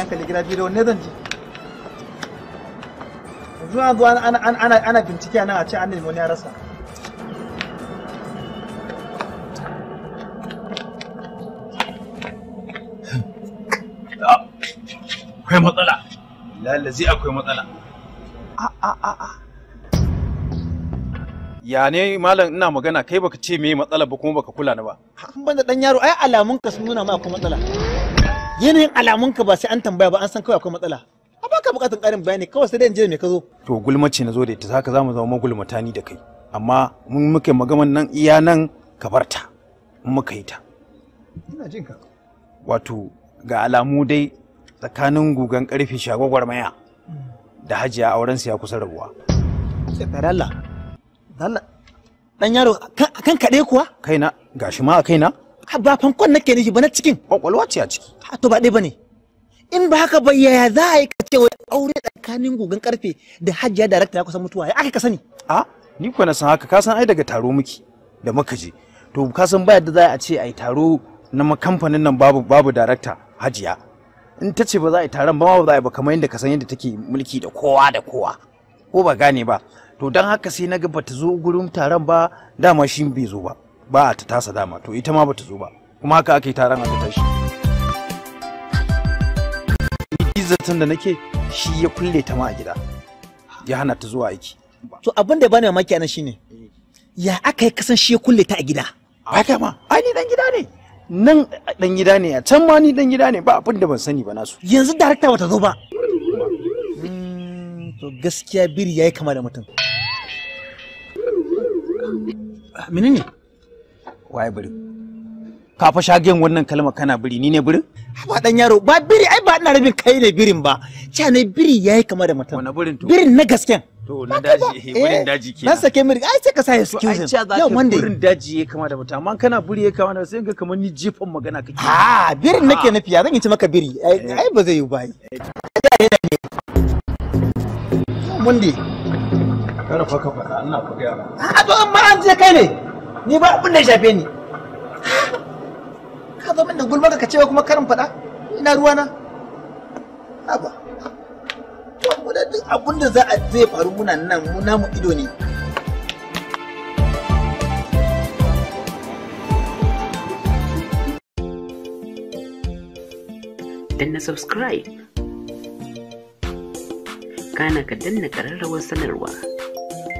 hankali gida biyu da wanne zan ji zuwa zuwa ana bincike nan a ce an nemi wani ya rasa akwai matsala lalazi akwai matsala ya ne malam ina magana kai baka ce me matsala ba kuma baka kula ni ba ban da dan yaro ai alamun ka sun nuna ma akwai matsala yanayin alamunka ba sai an tambaya ba an san kawai akwai matsala a baka bukatun karin bayani kawai sai dai in je me ka zo to gulmace na zo da ita za zamu zama ta ni da kai amma mun muke magaman nan iya nan ka bar ta mun muka yi ta ina jin ka wato ga alamu dai tsakanin gugan karfe shagwagwar maya da hajiya auren su ya kusa rabuwa sai fara Allah dan yaro kan kade kuwa kaina gashi ma a kaina ba fankon nake nishi ba na cikin kwakwalwa ce a ciki a to ba dai bane in ba haka ba yaya za a yi ka ce wai aure tsakanin gugan karfe da hajjiya darakta ya kusan mutuwa ya aka ka sani a ni ko na san haka ka san ai daga taro muke da muka je to ka san ba yadda za a ce ai taro na kamfanin nan babu babu darakta hajiya in ta ce ba za a yi taron ba ba za a yi ba kamar yadda ka san yadda take mulki da kowa da kowa ko ba gane ba to don haka sai na ga ta zo gurin taron ba dama shi bai zo ba ba a ta tasa dama to ita ma bata zo ba kuma haka aka yi taron aka tashi zaton da nake shi ya kulle ta ma a gida ya hana ta zuwa aiki to abin da ya bani mamaki anan shine ya aka yi kasan shi ya kulle ta a gida ba ma ai ni dan gida ne nan dan gida ne a can ma ni dan gida ne ba abin da ban sani ba nasu yanzu darakta bata zo ba hmm, to gaskiya biri yayi kama da mutum menene waye biri ka fa shagen wannan kalma kana biri ni ne birin ba dan yaro ba biri ai ba ina rabin kai ne birin ba cha ne biri yayi kama da mutum wannan birin to birin na gasken to na daji birin eh, eh, daji kenan na sake miri ai sai ka sa excuse yau wanda birin daji yayi kama da mutum amma kana biri yayi kama da sai ga kamar ni jifan magana kake ha birin nake na ya zan yi ci maka biri ai eh. ba zai yi ba Mundi. Kada fa ka faɗa, ina faɗa. A to amma an je kai ne. ni ba abin da ya shafe ni ka zama da gulma ka cewa kuma karin faɗa ina na haba da duk abin da za a zai faru muna nan mu ido ne danna subscribe kana ka danna kararrawar sanarwa